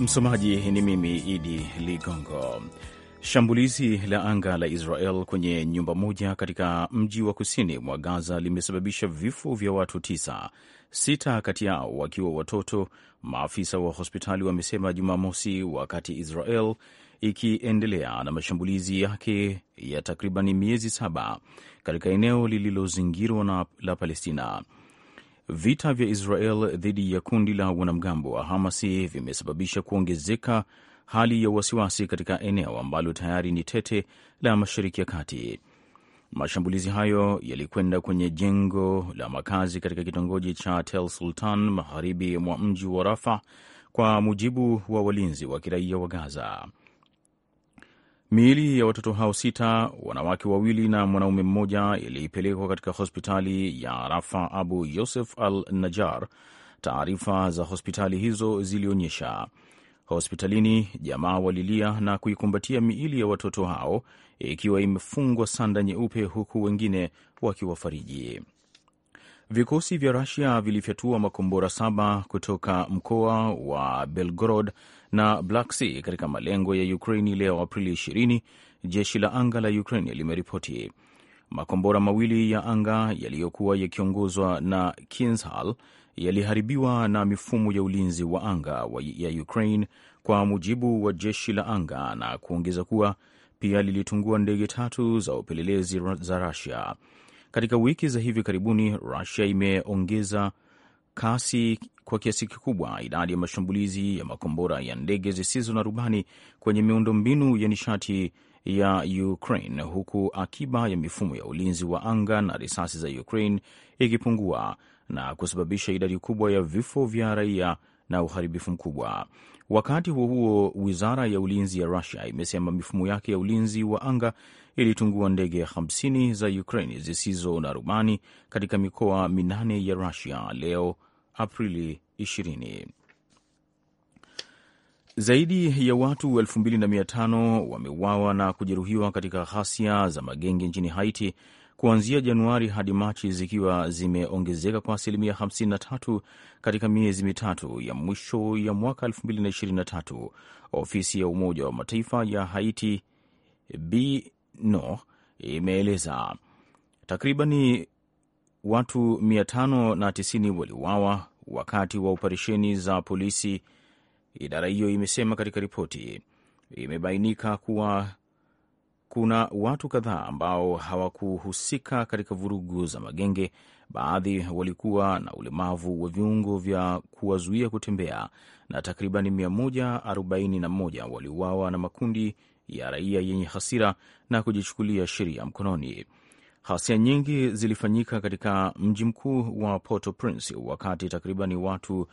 Msomaji ni mimi Idi Ligongo. Shambulizi la anga la Israel kwenye nyumba moja katika mji wa kusini mwa Gaza limesababisha vifo vya watu tisa, sita kati yao wakiwa watoto, maafisa wa hospitali wamesema Jumamosi, wakati Israel ikiendelea na mashambulizi yake ya takriban miezi saba katika eneo lililozingirwa na la Palestina. Vita vya Israel dhidi ya kundi la wanamgambo wa Hamasi vimesababisha kuongezeka hali ya wasiwasi katika eneo ambalo tayari ni tete la Mashariki ya Kati. Mashambulizi hayo yalikwenda kwenye jengo la makazi katika kitongoji cha Tel Sultan, magharibi mwa mji wa Rafa, kwa mujibu wa walinzi wa kiraia wa Gaza. Miili ya watoto hao sita, wanawake wawili na mwanaume mmoja, ilipelekwa katika hospitali ya Rafa Abu Yosef Al Najar. Taarifa za hospitali hizo zilionyesha hospitalini, jamaa walilia na kuikumbatia miili ya watoto hao ikiwa imefungwa sanda nyeupe, huku wengine wakiwafariji. Vikosi vya Rusia vilifyatua makombora saba kutoka mkoa wa Belgorod na Black Sea katika malengo ya Ukraini leo Aprili 20, jeshi la anga la Ukraini limeripoti makombora mawili ya anga yaliyokuwa yakiongozwa na Kinzhal yaliharibiwa na mifumo ya ulinzi wa anga ya Ukraine kwa mujibu wa jeshi la anga, na kuongeza kuwa pia lilitungua ndege tatu za upelelezi za Rusia. Katika wiki za hivi karibuni, Rusia imeongeza kasi kwa kiasi kikubwa idadi ya mashambulizi ya makombora ya ndege zisizo na rubani kwenye miundombinu ya nishati ya Ukraine, huku akiba ya mifumo ya ulinzi wa anga na risasi za Ukraine ikipungua na kusababisha idadi kubwa ya vifo vya raia na uharibifu mkubwa. Wakati huo huo, wizara ya ulinzi ya Rusia imesema mifumo yake ya ulinzi wa anga ilitungua ndege 50 za Ukraine zisizo na rubani katika mikoa minane ya Rusia leo Aprili 20. Zaidi ya watu 2500 wameuawa na kujeruhiwa katika ghasia za magenge nchini Haiti kuanzia Januari hadi Machi, zikiwa zimeongezeka kwa asilimia 53 katika miezi mitatu ya mwisho ya mwaka 2023. Ofisi ya Umoja wa Mataifa ya Haiti BNO imeeleza takribani watu 590 waliuawa wakati wa operesheni za polisi, idara hiyo imesema katika ripoti. Imebainika kuwa kuna watu kadhaa ambao hawakuhusika katika vurugu za magenge. Baadhi walikuwa na ulemavu wa viungo vya kuwazuia kutembea, na takribani 141 waliuawa na makundi ya raia yenye hasira na kujichukulia sheria mkononi. Ghasia nyingi zilifanyika katika mji mkuu wa Port-au-Prince wakati takriban watu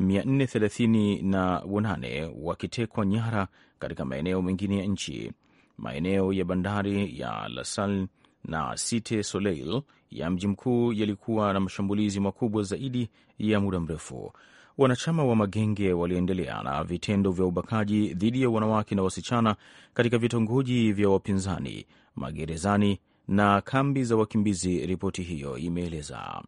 438 wakitekwa nyara katika maeneo mengine ya nchi. Maeneo ya bandari ya La Salle na Cite Soleil ya mji mkuu yalikuwa na mashambulizi makubwa zaidi ya muda mrefu. Wanachama wa magenge waliendelea na vitendo vya ubakaji dhidi ya wanawake na wasichana katika vitongoji vya wapinzani, magerezani na kambi za wakimbizi, ripoti hiyo imeeleza.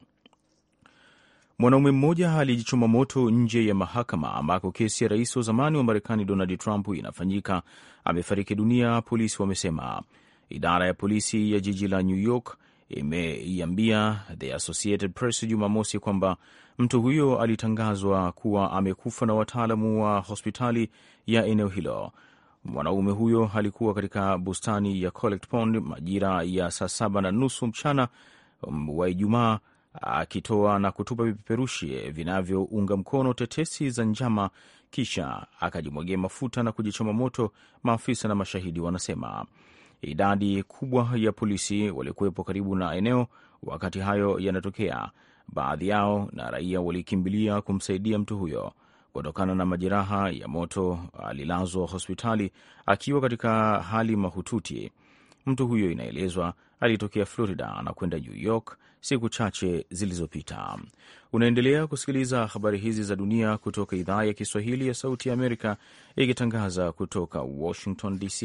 Mwanaume mmoja alijichoma moto nje ya mahakama ambako kesi ya rais wa zamani wa Marekani Donald Trump inafanyika. Amefariki dunia, polisi wamesema. Idara ya polisi ya jiji la New York imeiambia The Associated Press Jumamosi kwamba mtu huyo alitangazwa kuwa amekufa na wataalamu wa hospitali ya eneo hilo. Mwanaume huyo alikuwa katika bustani ya Collect Pond majira ya saa saba na nusu mchana um, wa Ijumaa akitoa na kutupa vipeperushi vinavyounga mkono tetesi za njama, kisha akajimwagia mafuta na kujichoma moto, maafisa na mashahidi wanasema. Idadi kubwa ya polisi walikuwepo karibu na eneo wakati hayo yanatokea, baadhi yao na raia walikimbilia kumsaidia mtu huyo kutokana na majeraha ya moto. Alilazwa hospitali akiwa katika hali mahututi. Mtu huyo inaelezwa alitokea Florida na kwenda New York siku chache zilizopita. Unaendelea kusikiliza habari hizi za dunia kutoka idhaa ya Kiswahili ya Sauti ya Amerika, ikitangaza kutoka Washington DC.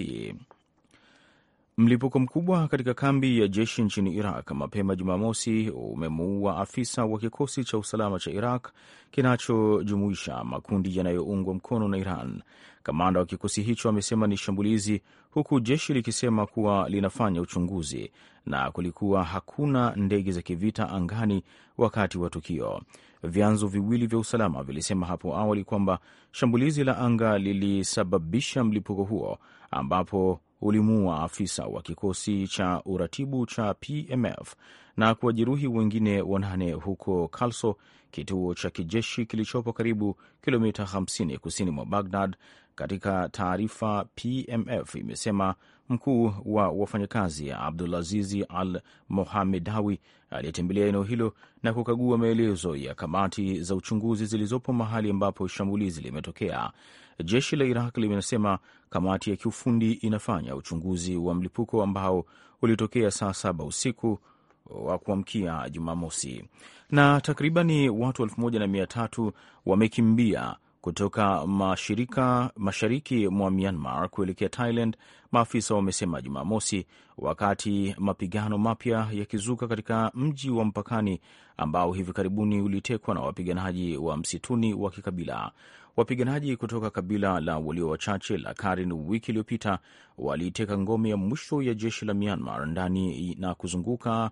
Mlipuko mkubwa katika kambi ya jeshi nchini Iraq mapema Jumamosi umemuua afisa wa kikosi cha usalama cha Iraq kinachojumuisha makundi yanayoungwa mkono na Iran. Kamanda wa kikosi hicho amesema ni shambulizi, huku jeshi likisema kuwa linafanya uchunguzi na kulikuwa hakuna ndege za kivita angani wakati wa tukio. Vyanzo viwili vya usalama vilisema hapo awali kwamba shambulizi la anga lilisababisha mlipuko huo ambapo ulimuua afisa wa kikosi cha uratibu cha PMF na kuwajeruhi wengine wanane huko Kalso, kituo cha kijeshi kilichopo karibu kilomita 50 kusini mwa Bagdad. Katika taarifa, PMF imesema mkuu wa wafanyakazi Abdulazizi Al Mohamedawi aliyetembelea eneo hilo na kukagua maelezo ya kamati za uchunguzi zilizopo mahali ambapo shambulizi limetokea Jeshi la Iraq limesema kamati ya kiufundi inafanya uchunguzi wa mlipuko ambao ulitokea saa saba usiku wa kuamkia Jumamosi, na takribani watu elfu moja na mia tatu wamekimbia kutoka mashirika mashariki mwa Myanmar kuelekea Thailand, maafisa wamesema Jumamosi, wakati mapigano mapya yakizuka katika mji wa mpakani ambao hivi karibuni ulitekwa na wapiganaji wa msituni wa kikabila. Wapiganaji kutoka kabila la walio wachache la Karen wiki iliyopita waliiteka ngome ya mwisho ya jeshi la Myanmar ndani na kuzunguka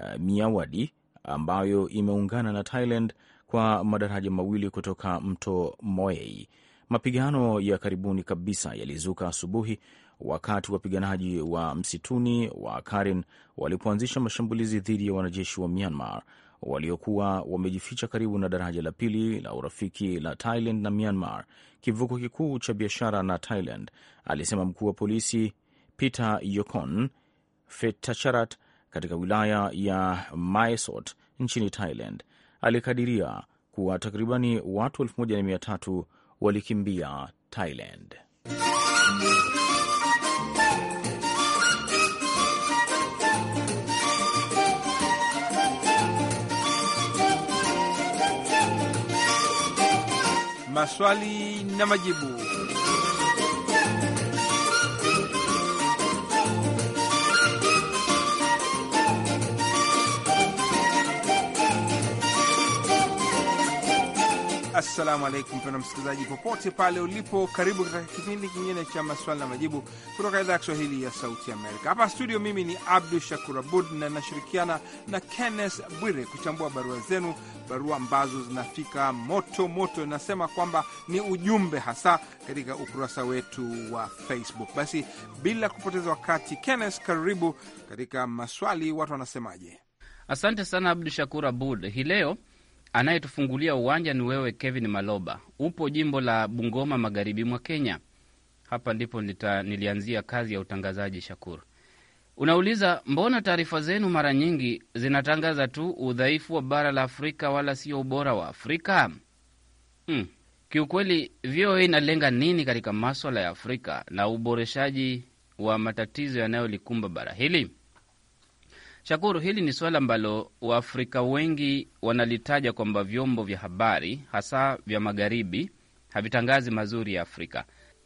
uh, Miawadi ambayo imeungana na Thailand kwa madaraja mawili kutoka mto Moei. Mapigano ya karibuni kabisa yalizuka asubuhi wakati wapiganaji wa msituni wa Karen walipoanzisha mashambulizi dhidi ya wanajeshi wa Myanmar waliokuwa wamejificha karibu na daraja la pili la urafiki la Thailand na Myanmar, kivuko kikuu cha biashara na Thailand, alisema mkuu wa polisi Peter Yokon Fetacharat katika wilaya ya Maesot nchini Thailand alikadiria kuwa takribani watu 13 walikimbia Thailand. Maswali na majibu. Assalamu alaikum, pena msikilizaji, popote pale ulipo, karibu katika kipindi kingine cha maswali na majibu kutoka idhaa ya Kiswahili ya Sauti Amerika. Hapa studio, mimi ni Abdu Shakur Abud na nashirikiana na Kenneth Bwire kuchambua barua zenu, barua ambazo zinafika moto moto. Nasema kwamba ni ujumbe hasa katika ukurasa wetu wa Facebook. Basi bila kupoteza wakati, Kenneth, karibu katika maswali. Watu wanasemaje? Asante sana Abdu Shakur Abud. Hii leo Anayetufungulia uwanja ni wewe Kevin Maloba, upo jimbo la Bungoma, magharibi mwa Kenya. Hapa ndipo nita, nilianzia kazi ya utangazaji. Shakuru unauliza mbona taarifa zenu mara nyingi zinatangaza tu udhaifu wa bara la Afrika wala sio ubora wa Afrika? Hmm. Kiukweli VOA inalenga nini katika maswala ya Afrika na uboreshaji wa matatizo yanayolikumba bara hili? Shakuru, hili ni suala ambalo Waafrika wengi wanalitaja kwamba vyombo vya habari hasa vya magharibi havitangazi mazuri ya Afrika,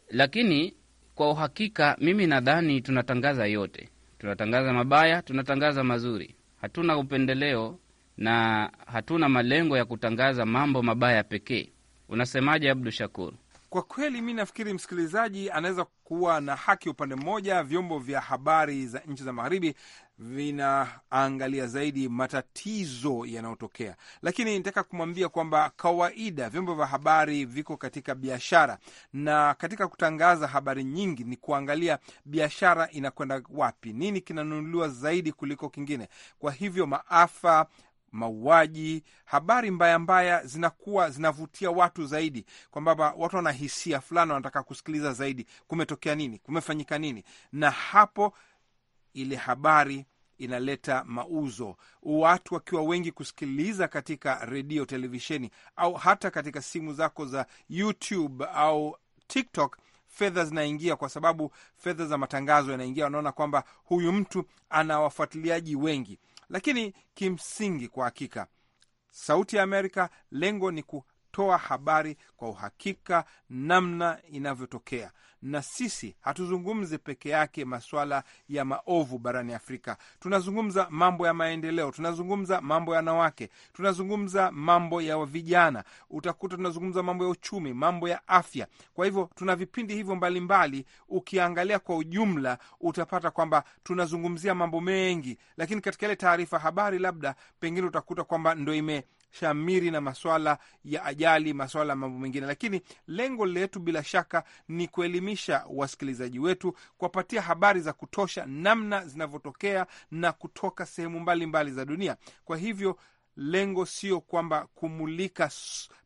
lakini kwa uhakika mimi nadhani tunatangaza yote. Tunatangaza mabaya, tunatangaza mazuri, hatuna upendeleo na hatuna malengo ya kutangaza mambo mabaya pekee. Unasemaje, Abdu Shakur? Kwa kweli mi nafikiri msikilizaji anaweza kuwa na haki upande mmoja. Vyombo vya habari za nchi za magharibi vinaangalia zaidi matatizo yanayotokea, lakini nitaka kumwambia kwamba kawaida vyombo vya habari viko katika biashara, na katika kutangaza habari nyingi ni kuangalia biashara inakwenda wapi, nini kinanunuliwa zaidi kuliko kingine. Kwa hivyo maafa mauaji, habari mbaya mbaya zinakuwa zinavutia watu zaidi, kwamba watu wana hisia fulani, wanataka kusikiliza zaidi, kumetokea nini, kumefanyika nini, na hapo ile habari inaleta mauzo. Watu wakiwa wengi kusikiliza katika redio, televisheni, au hata katika simu zako za YouTube au TikTok, fedha zinaingia, kwa sababu fedha za matangazo yanaingia. Wanaona kwamba huyu mtu ana wafuatiliaji wengi lakini kimsingi, kwa hakika, Sauti ya Amerika lengo ni kutoa habari kwa uhakika, namna inavyotokea na sisi hatuzungumzi peke yake maswala ya maovu barani Afrika. Tunazungumza mambo ya maendeleo, tunazungumza mambo ya wanawake, tunazungumza mambo ya vijana, utakuta tunazungumza mambo ya uchumi, mambo ya afya. Kwa hivyo tuna vipindi hivyo mbalimbali mbali. Ukiangalia kwa ujumla, utapata kwamba tunazungumzia mambo mengi, lakini katika ile taarifa habari, labda pengine utakuta kwamba ndo ime shamiri na maswala ya ajali, maswala ya mambo mengine, lakini lengo letu bila shaka ni kuelimisha wasikilizaji wetu, kuwapatia habari za kutosha, namna zinavyotokea na kutoka sehemu mbalimbali za dunia. Kwa hivyo lengo sio kwamba kumulika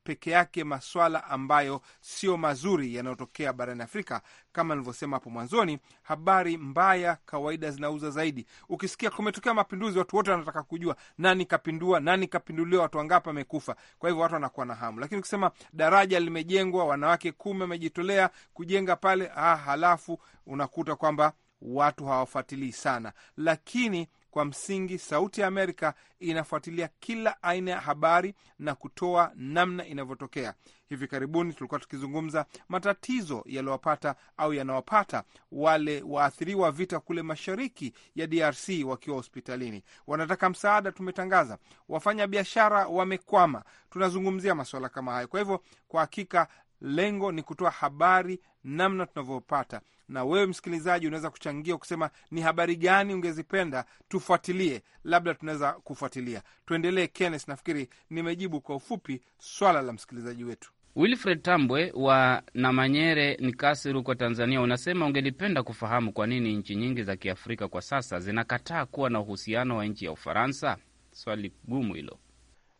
peke yake maswala ambayo sio mazuri yanayotokea barani Afrika. Kama nilivyosema hapo mwanzoni, habari mbaya kawaida zinauza zaidi. Ukisikia kumetokea mapinduzi, watu wote wanataka kujua nani kapindua, nani kapinduliwa, watu wangapi wamekufa. Kwa hivyo watu wanakuwa na hamu, lakini ukisema daraja limejengwa, wanawake kumi wamejitolea kujenga pale, ah, halafu unakuta kwamba watu hawafuatilii sana, lakini kwa msingi, Sauti ya Amerika inafuatilia kila aina ya habari na kutoa namna inavyotokea. Hivi karibuni tulikuwa tukizungumza matatizo yaliyowapata au yanawapata wale waathiriwa vita kule mashariki ya DRC wakiwa hospitalini, wanataka msaada. Tumetangaza wafanya biashara wamekwama, tunazungumzia masuala kama hayo. Kwa hivyo, kwa hakika lengo ni kutoa habari namna tunavyopata na wewe msikilizaji unaweza kuchangia kusema ni habari gani ungezipenda tufuatilie, labda tunaweza kufuatilia. Tuendelee Kenneth, nafikiri nimejibu kwa ufupi swala la msikilizaji wetu. Wilfred Tambwe wa Namanyere ni Kasiri huko Tanzania, unasema ungelipenda kufahamu kwa nini nchi nyingi za Kiafrika kwa sasa zinakataa kuwa na uhusiano wa nchi ya Ufaransa. Swali gumu hilo.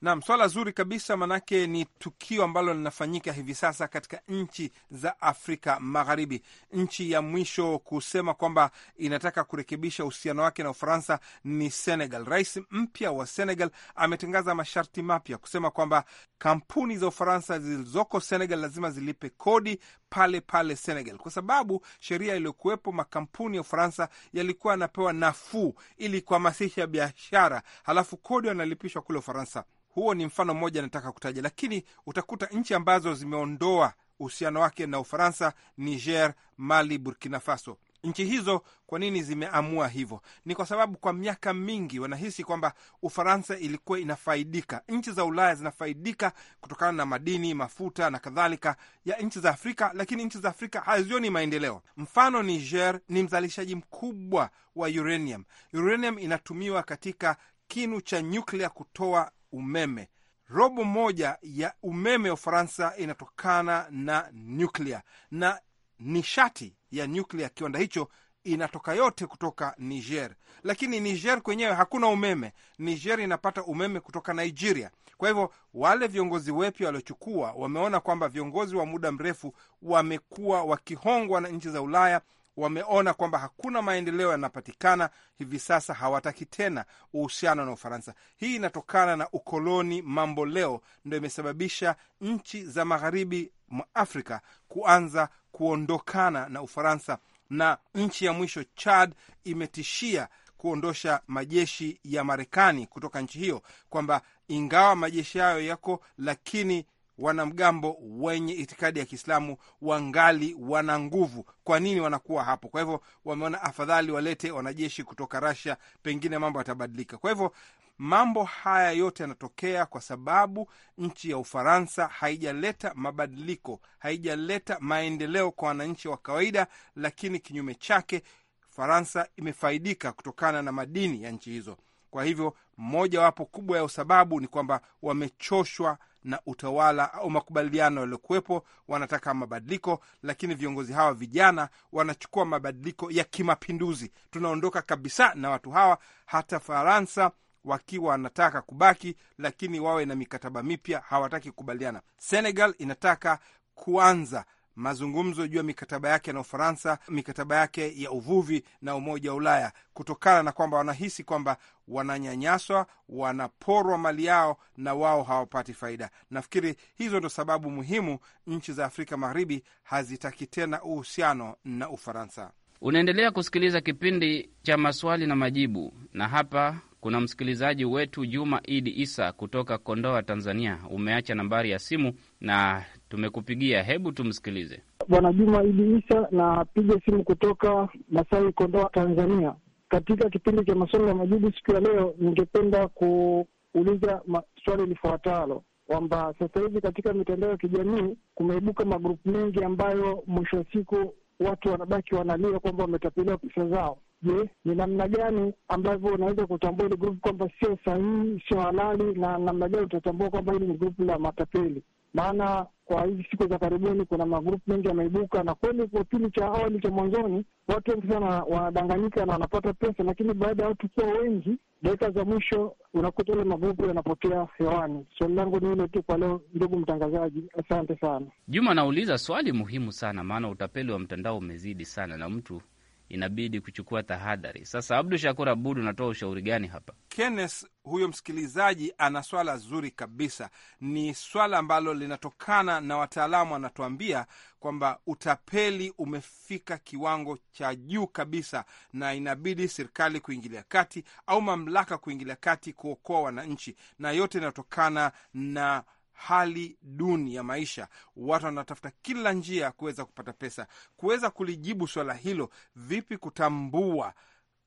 Nam, swala zuri kabisa, manake ni tukio ambalo linafanyika hivi sasa katika nchi za Afrika Magharibi. Nchi ya mwisho kusema kwamba inataka kurekebisha uhusiano wake na Ufaransa ni Senegal. Rais mpya wa Senegal ametangaza masharti mapya kusema kwamba kampuni za Ufaransa zilizoko Senegal lazima zilipe kodi pale pale Senegal, kwa sababu sheria iliyokuwepo, makampuni ya Ufaransa yalikuwa yanapewa nafuu ili kuhamasisha biashara, halafu kodi wanalipishwa kule Ufaransa. Huo ni mfano mmoja nataka kutaja, lakini utakuta nchi ambazo zimeondoa uhusiano wake na Ufaransa: Niger, Mali, Burkina Faso. Nchi hizo kwa nini zimeamua hivyo? Ni kwa sababu kwa miaka mingi wanahisi kwamba Ufaransa ilikuwa inafaidika, nchi za Ulaya zinafaidika kutokana na madini, mafuta na kadhalika ya nchi za Afrika, lakini nchi za Afrika hazioni maendeleo. Mfano, Niger ni mzalishaji mkubwa wa uranium. Uranium inatumiwa katika kinu cha nyuklia kutoa umeme. Robo moja ya umeme wa Ufaransa inatokana na nyuklia na nishati ya nyuklia ya kiwanda hicho inatoka yote kutoka Niger, lakini Niger kwenyewe hakuna umeme. Niger inapata umeme kutoka Nigeria. Kwa hivyo wale viongozi wepya waliochukua wameona kwamba viongozi wa muda mrefu wamekuwa wakihongwa na nchi za Ulaya, wameona kwamba hakuna maendeleo yanapatikana. Hivi sasa hawataki tena uhusiano na Ufaransa. Hii inatokana na ukoloni mambo leo, ndo imesababisha nchi za magharibi mwa Afrika kuanza kuondokana na Ufaransa, na nchi ya mwisho Chad imetishia kuondosha majeshi ya Marekani kutoka nchi hiyo, kwamba ingawa majeshi hayo yako, lakini wanamgambo wenye itikadi ya Kiislamu wangali wana nguvu. Kwa nini wanakuwa hapo? Kwa hivyo wameona afadhali walete wanajeshi kutoka Russia, pengine mambo yatabadilika. Kwa hivyo Mambo haya yote yanatokea kwa sababu nchi ya Ufaransa haijaleta mabadiliko, haijaleta maendeleo kwa wananchi wa kawaida, lakini kinyume chake Faransa imefaidika kutokana na madini ya nchi hizo. Kwa hivyo mojawapo kubwa ya usababu ni kwamba wamechoshwa na utawala au makubaliano yaliyokuwepo. Wanataka mabadiliko, lakini viongozi hawa vijana wanachukua mabadiliko ya kimapinduzi. Tunaondoka kabisa na watu hawa, hata Faransa wakiwa wanataka kubaki, lakini wawe na mikataba mipya. Hawataki kukubaliana. Senegal inataka kuanza mazungumzo juu ya mikataba yake na Ufaransa, mikataba yake ya uvuvi na Umoja wa Ulaya, kutokana na kwamba wanahisi kwamba wananyanyaswa, wanaporwa mali yao na wao hawapati faida. Nafikiri hizo ndo sababu muhimu nchi za Afrika Magharibi hazitaki tena uhusiano na Ufaransa. Unaendelea kusikiliza kipindi cha maswali na majibu, na hapa kuna msikilizaji wetu Juma Idi Isa kutoka Kondoa, Tanzania. Umeacha nambari ya simu na tumekupigia, hebu tumsikilize. Bwana Juma Idi Isa, napiga simu kutoka Masai, Kondoa, Tanzania. Katika kipindi cha maswali ya majibu siku ya leo, ningependa kuuliza swali lifuatalo kwamba sasa hivi katika mitandao ya kijamii kumeibuka magrupu mengi ambayo mwisho wa siku watu wanabaki wanalia kwamba wametapeliwa pesa zao. Je, ni namna gani ambavyo unaweza kutambua ile grupu kwamba sio sahihi, sio halali, na namna gani utatambua kwamba hili ni grupu la matapeli? Maana kwa hizi siku za karibuni kuna magrupu mengi yameibuka, na kweli kwa kipindi cha awali cha mwanzoni watu wengi sana wanadanganyika na wanapata pesa, lakini baada ya watu kuwa wengi, dakika za mwisho unakuta ile magrupu yanapotea hewani. Swali langu ni hilo tu kwa leo, ndugu mtangazaji, asante sana. Juma anauliza swali muhimu sana, maana utapeli wa mtandao umezidi sana na mtu inabidi kuchukua tahadhari. Sasa Abdu Shakur Abud, unatoa ushauri gani hapa? Kenneth, huyo msikilizaji ana swala zuri kabisa. Ni swala ambalo linatokana na wataalamu, anatuambia kwamba utapeli umefika kiwango cha juu kabisa, na inabidi serikali kuingilia kati au mamlaka kuingilia kati kuokoa wananchi, na yote inatokana na hali duni ya maisha. Watu wanatafuta kila njia ya kuweza kupata pesa. Kuweza kulijibu swala hilo vipi, kutambua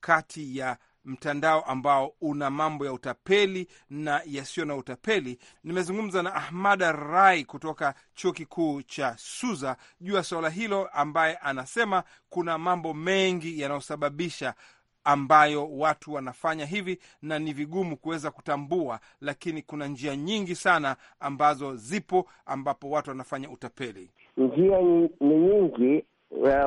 kati ya mtandao ambao una mambo ya utapeli na yasiyo na utapeli. Nimezungumza na Ahmada Rai kutoka chuo kikuu cha Suza juu ya suala hilo, ambaye anasema kuna mambo mengi yanayosababisha ambayo watu wanafanya hivi na ni vigumu kuweza kutambua, lakini kuna njia nyingi sana ambazo zipo ambapo watu wanafanya utapeli. Njia ni nyingi,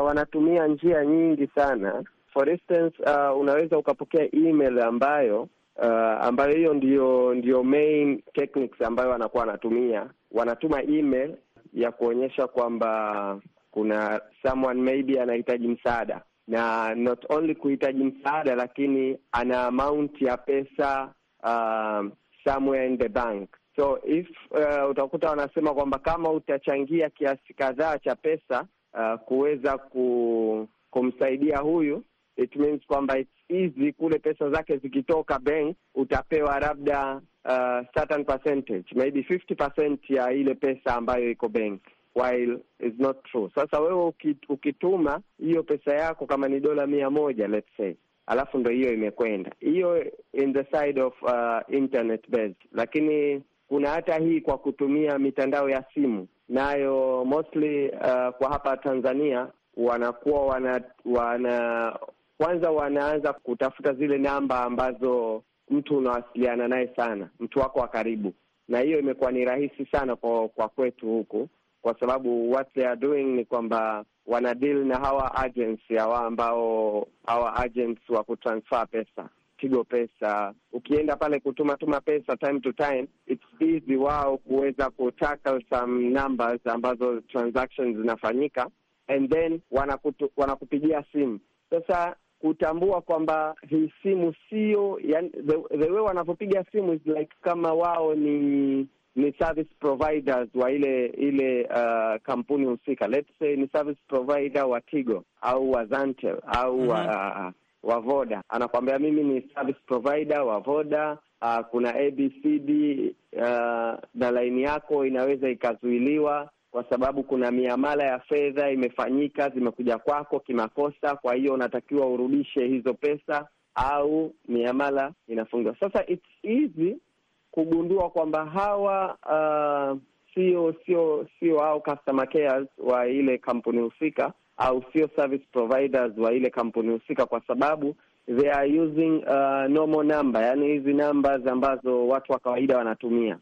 wanatumia njia nyingi sana. For instance, uh, unaweza ukapokea email ambayo Uh, ambayo hiyo ndio, ndio main techniques ambayo wanakuwa wanatumia. Wanatuma email ya kuonyesha kwamba kuna someone maybe anahitaji msaada, na not only kuhitaji msaada, lakini ana amount ya pesa uh, somewhere in the bank so if uh, utakuta wanasema kwamba kama utachangia kiasi kadhaa cha pesa uh, kuweza ku, kumsaidia huyu it means kwamba it's easy kule pesa zake zikitoka bank utapewa labda uh, certain percentage maybe 50% ya ile pesa ambayo iko bank while is not true. Sasa wewe ukituma hiyo pesa yako kama ni dola mia moja let's say alafu ndo hiyo imekwenda hiyo in the side of uh, internet based, lakini kuna hata hii kwa kutumia mitandao ya simu nayo na mostly uh, kwa hapa Tanzania wanakuwa wana, wana kwanza wanaanza kutafuta zile namba ambazo mtu unawasiliana naye sana, mtu wako wa karibu, na hiyo imekuwa ni rahisi sana kwa, kwa kwetu huku kwa sababu what they are doing ni kwamba wana deal na hawa agents hawa ambao hawa agents wa kutransfer pesa Tigo Pesa, ukienda pale kutuma tuma pesa time to time, it's easy wao kuweza kutackle some numbers ambazo transactions zinafanyika, and then wanakutu, wanakupigia simu sasa kutambua kwamba hii simu sio yani, the, the way wanavyopiga simu is like kama wao ni ni service providers wa ile ile uh, kampuni husika. Let's say ni service provider wa Tigo au wa Zantel au mm -hmm. uh, wa Voda anakuambia mimi ni service provider wa Voda. Uh, kuna ABCD uh, na laini yako inaweza ikazuiliwa kwa sababu kuna miamala ya fedha imefanyika, zimekuja kwako kimakosa, kwa hiyo unatakiwa urudishe hizo pesa au miamala inafungiwa Sasa it's easy kugundua kwamba hawa uh, sio sio sio au customer cares wa ile kampuni husika au sio service providers wa ile kampuni husika, kwa sababu they are using uh, normal number, yani hizi numbers ambazo watu wa kawaida wanatumia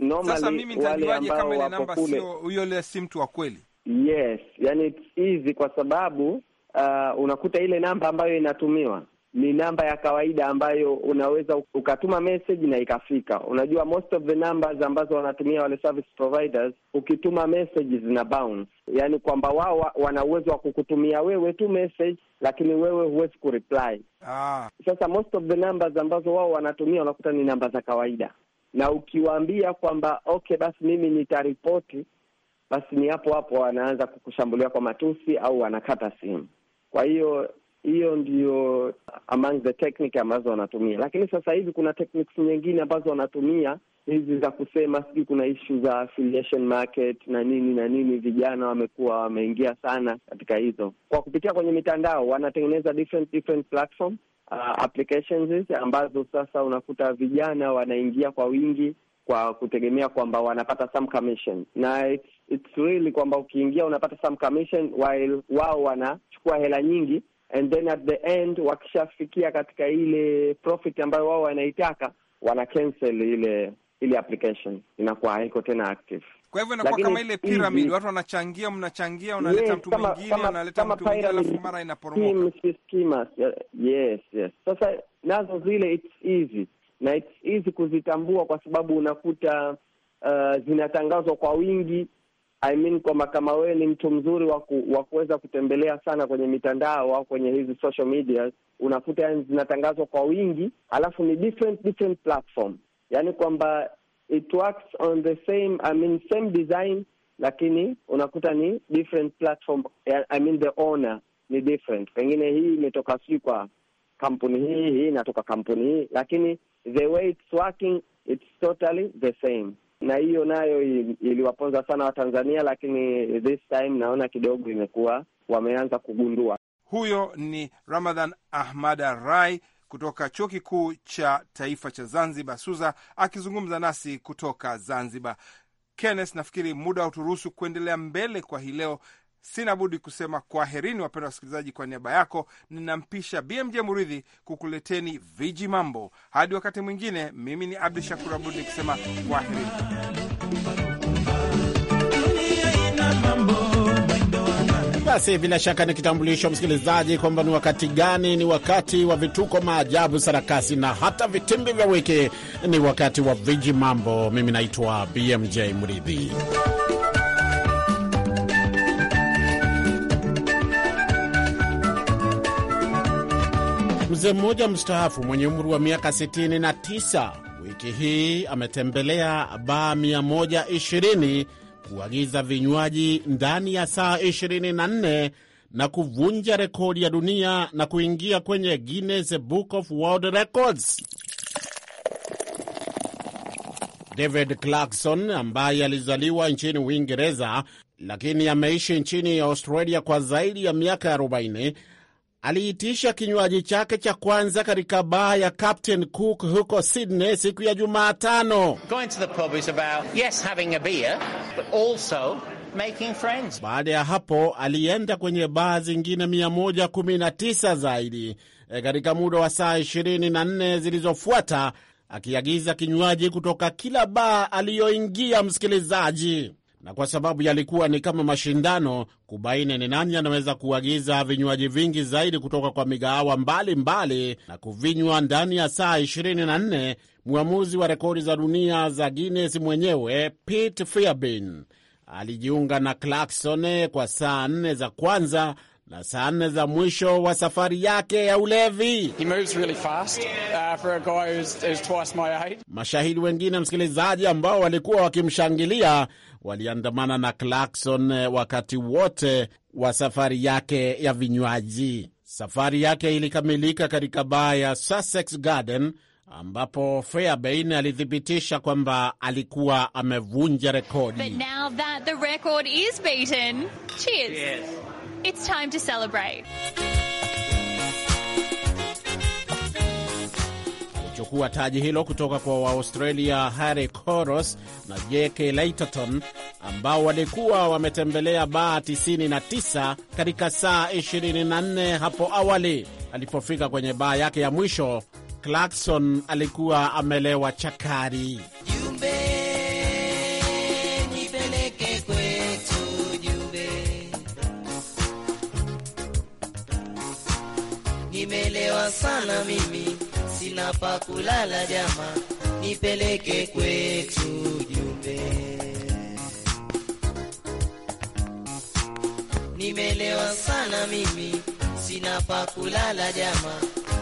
normally. wale ambao wako kule ile huyo, ile si mtu wa kweli? Yes, yani it's easy kwa sababu uh, unakuta ile namba ambayo inatumiwa ni namba ya kawaida ambayo unaweza ukatuma message na ikafika. Unajua, most of the numbers ambazo wanatumia wale service providers, ukituma message zina bounce, yaani kwamba wao wana uwezo wa kukutumia wewe tu message, lakini wewe huwezi kureply. Ah. Sasa most of the numbers ambazo wao wanatumia unakuta ni namba za kawaida, na ukiwaambia kwamba okay, basi mimi nitaripoti, basi ni hapo hapo wanaanza kukushambulia kwa matusi au wanakata simu. Kwa hiyo hiyo ndio among the technique ambazo wanatumia, lakini sasa hivi kuna techniques nyingine ambazo wanatumia hizi za kusema, sijui kuna ishu za affiliation market na nini na nini. Vijana wamekuwa wameingia sana katika hizo kwa kupitia kwenye mitandao, wanatengeneza different different platform uh, applications ambazo sasa unakuta vijana wanaingia kwa wingi kwa kutegemea kwamba wanapata some commission na it's, it's really kwamba ukiingia unapata some commission while wao wanachukua hela nyingi and then at the end wakishafikia katika ile profit ambayo wao wanaitaka, wana cancel ile ile application, inakuwa haiko tena active. Kwa hivyo inakuwa kama ile pyramid, watu wanachangia, mnachangia, unaleta mtu mwingine, unaleta mtu mwingine, alafu mara inaporomoka. Yes, yes. Sasa nazo zile it's easy na it's easy kuzitambua kwa sababu unakuta uh, zinatangazwa kwa wingi I mean kwamba kama wewe ni mtu mzuri wa kuweza kutembelea sana kwenye mitandao au kwenye hizi social media, unakuta yani zinatangazwa kwa wingi, alafu ni different different platform, yani kwamba it works on the same I mean same design, lakini unakuta ni different platform, I mean the owner ni different. Pengine hii imetoka sijui kwa kampuni hii, hii inatoka kampuni hii, lakini the way it's working it's totally the same na hiyo nayo iliwaponza sana Watanzania, lakini this time naona kidogo imekuwa wameanza kugundua. Huyo ni Ramadhan Ahmada Rai kutoka Chuo Kikuu cha Taifa cha Zanzibar SUZA akizungumza nasi kutoka Zanzibar. Kenneth, nafikiri muda wa uturuhusu kuendelea mbele kwa hii leo, Sina budi kusema kwaherini, wapendwa wasikilizaji. Kwa niaba yako ninampisha BMJ Muridhi kukuleteni viji mambo. Hadi wakati mwingine, mimi ni Abdu Shakur Abud nikisema kwaherini. Basi bila shaka ni kitambulisho msikilizaji kwamba ni wakati gani. Ni wakati wa vituko, maajabu, sarakasi na hata vitimbi vya wiki. Ni wakati wa viji mambo. Mimi naitwa BMJ mridhi Mzee mmoja mstaafu mwenye umri wa miaka 69 wiki hii ametembelea baa 120 kuagiza vinywaji ndani ya saa 24 na kuvunja rekodi ya dunia na kuingia kwenye Guinness Book of World Records. David Clarkson ambaye alizaliwa nchini Uingereza lakini ameishi nchini Australia kwa zaidi ya miaka 40 aliitisha kinywaji chake cha kwanza katika baa ya Captain Cook huko Sydney siku ya Jumatano. Yes, baada ya hapo alienda kwenye baa zingine 119 zaidi e, katika muda wa saa 24 zilizofuata, akiagiza kinywaji kutoka kila baa aliyoingia. Msikilizaji, na kwa sababu yalikuwa ni kama mashindano kubaini ni nani anaweza kuagiza vinywaji vingi zaidi kutoka kwa migahawa mbalimbali na kuvinywa ndani ya saa 24. Mwamuzi wa rekodi za dunia za Guinness mwenyewe Pete Fairbairn alijiunga na Clarkson kwa saa nne za kwanza na saa nne za mwisho wa safari yake ya ulevi. He moves really fast, uh, for a guy who's, who's twice my age. Mashahidi wengine, msikilizaji, ambao walikuwa wakimshangilia waliandamana na Clarkson eh, wakati wote wa safari yake ya vinywaji. Safari yake ilikamilika katika baa ya Sussex Garden ambapo Fairbairn alithibitisha kwamba alikuwa amevunja rekodi. But now that the record is beaten. Cheers. Yes. It's time to celebrate. Kuchukua taji hilo kutoka kwa Waaustralia Harry Koros na jake Leiterton ambao walikuwa wametembelea baa 99 katika saa 24 hapo awali. Alipofika kwenye baa yake ya mwisho, Clarkson alikuwa amelewa chakari. sana mimi sina pa kulala jama, nipeleke kwetu jumbe, nimelewa sana mimi sina pa kulala jama,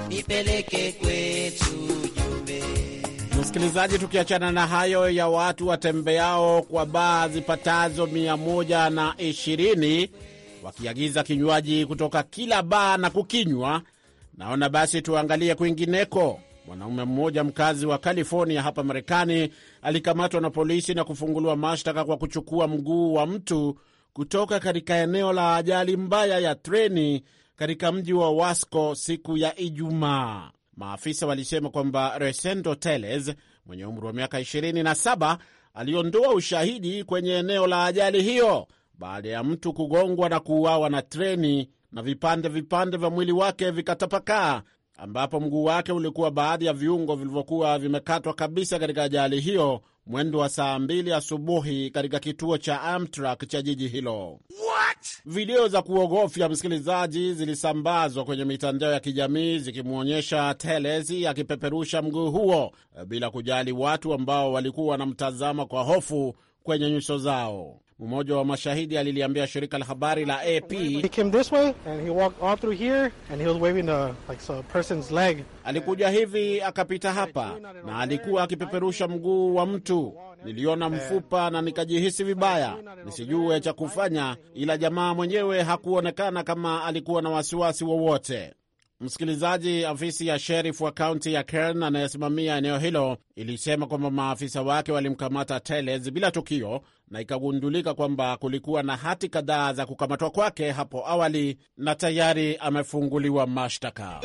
nipeleke kwetu jumbe. Msikilizaji, tukiachana na hayo ya watu watembeao kwa baa zipatazo mia moja na ishirini wakiagiza kinywaji kutoka kila baa na kukinywa, Naona basi tuangalie kwingineko. Mwanaume mmoja mkazi wa California hapa Marekani alikamatwa na polisi na kufunguliwa mashtaka kwa kuchukua mguu wa mtu kutoka katika eneo la ajali mbaya ya treni katika mji wa Wasco siku ya Ijumaa. Maafisa walisema kwamba Resendo Teles mwenye umri wa miaka 27 aliondoa ushahidi kwenye eneo la ajali hiyo baada ya mtu kugongwa na kuuawa na treni na vipande vipande vya mwili wake vikatapakaa, ambapo mguu wake ulikuwa baadhi ya viungo vilivyokuwa vimekatwa kabisa katika ajali hiyo mwendo wa saa mbili asubuhi katika kituo cha Amtrak cha jiji hilo. What? Video za kuogofya msikilizaji, zilisambazwa kwenye mitandao ya kijamii zikimwonyesha Telesi akipeperusha mguu huo bila kujali watu ambao walikuwa wanamtazama kwa hofu, kwenye nyuso zao. Mmoja wa mashahidi aliliambia shirika la habari la AP, alikuja hivi akapita hapa na alikuwa akipeperusha mguu wa mtu. Niliona mfupa na nikajihisi vibaya, nisijue cha kufanya, ila jamaa mwenyewe hakuonekana kama alikuwa na wasiwasi wowote. Msikilizaji, afisi ya sherif wa kaunti ya Kern anayesimamia eneo hilo ilisema kwamba maafisa wake walimkamata Teles bila tukio na ikagundulika kwamba kulikuwa na hati kadhaa za kukamatwa kwake hapo awali na tayari amefunguliwa mashtaka.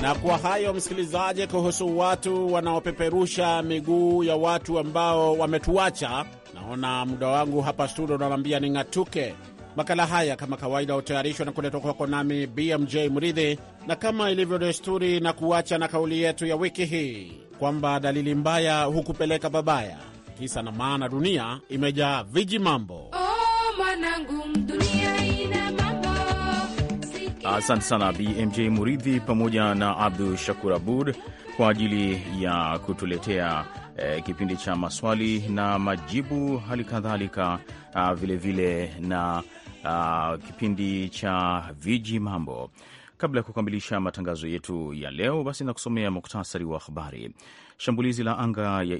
Na kwa hayo msikilizaji, kuhusu watu wanaopeperusha miguu ya watu ambao wametuacha Naona muda wangu hapa studio unaniambia ning'atuke. Makala haya kama kawaida hutayarishwa na kuletwa kwako nami BMJ Mridhi, na kama ilivyo desturi, na kuacha na kauli yetu ya wiki hii kwamba dalili mbaya hukupeleka babaya. Kisa na maana, dunia imejaa viji mambo. Oh, Asante sana BMJ Muridhi pamoja na Abdu Shakur Abud kwa ajili ya kutuletea e, kipindi cha maswali na majibu, hali kadhalika vilevile ah, na a, ah, kipindi cha viji mambo. Kabla ya kukamilisha matangazo yetu ya leo, basi nakusomea muktasari wa habari. Shambulizi la anga ya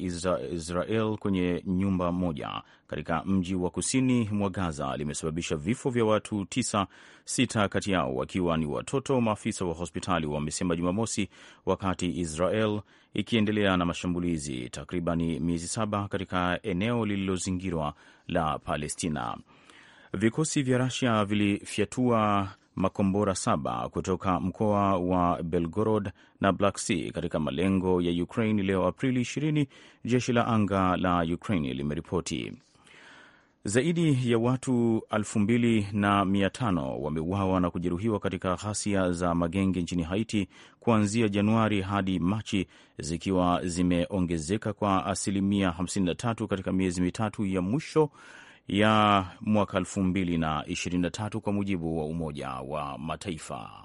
Israel kwenye nyumba moja katika mji wa kusini mwa Gaza limesababisha vifo vya watu tisa, sita kati yao wakiwa ni watoto, maafisa wa hospitali wamesema Jumamosi, wakati Israel ikiendelea na mashambulizi takribani miezi saba katika eneo lililozingirwa la Palestina. Vikosi vya rasia vilifyatua makombora saba kutoka mkoa wa Belgorod na Black Sea katika malengo ya Ukraine leo Aprili 20, jeshi la anga la Ukraine limeripoti. Zaidi ya watu 2500 wameuawa na kujeruhiwa katika ghasia za magenge nchini Haiti kuanzia Januari hadi Machi, zikiwa zimeongezeka kwa asilimia 53 katika miezi mitatu ya mwisho ya mwaka 2023 kwa mujibu wa Umoja wa Mataifa.